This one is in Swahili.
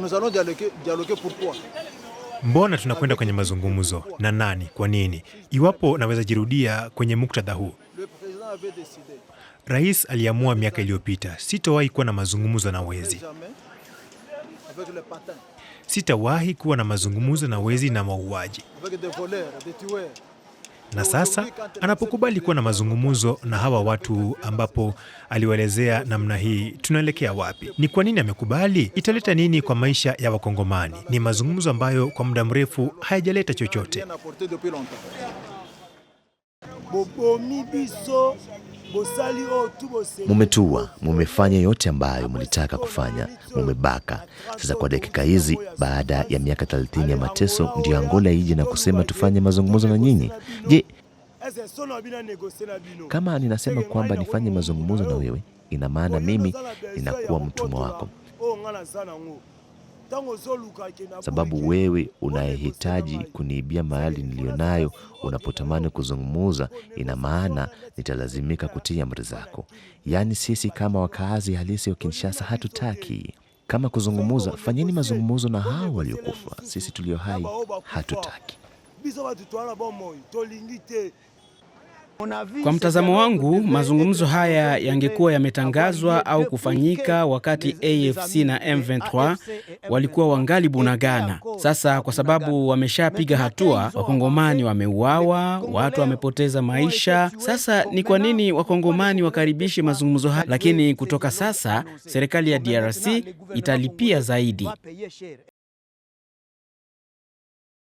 nous allons dialoguer, dialoguer pourquoi Mbona tunakwenda kwenye mazungumzo na nani? Kwa nini? Iwapo naweza jirudia kwenye muktadha huu, rais aliamua miaka iliyopita, sitowahi kuwa na mazungumzo na wezi, sitawahi kuwa na mazungumzo na wezi na mauaji na sasa anapokubali kuwa na mazungumzo na hawa watu ambapo aliwaelezea namna hii, tunaelekea wapi? Ni kwa nini amekubali? Italeta nini kwa maisha ya Wakongomani? Ni mazungumzo ambayo kwa muda mrefu hayajaleta chochote. Oh, Mumetua, mumefanya yote ambayo mlitaka kufanya, mumebaka. Sasa kwa dakika hizi, baada ya miaka 30 ya mateso, ndiyo Angola ije na kusema tufanye mazungumzo na nyinyi? Je, kama ninasema kwamba nifanye mazungumzo na wewe, ina maana mimi ninakuwa mtumwa wako? Oh, sababu wewe unayehitaji kuniibia mali niliyonayo unapotamani kuzungumuza, ina maana nitalazimika kutii amri zako. Yaani sisi kama wakaazi halisi wa Kinshasa hatutaki kama kuzungumuza, fanyeni mazungumuzo na hao waliokufa. Sisi tulio hai hatutaki. Kwa mtazamo wangu, mazungumzo haya yangekuwa yametangazwa au kufanyika wakati AFC na M23 walikuwa wangali Bunagana. Sasa kwa sababu wameshapiga hatua, wakongomani wameuawa, watu wamepoteza maisha. Sasa ni kwa nini wakongomani wakaribishe mazungumzo haya? Lakini kutoka sasa serikali ya DRC italipia zaidi.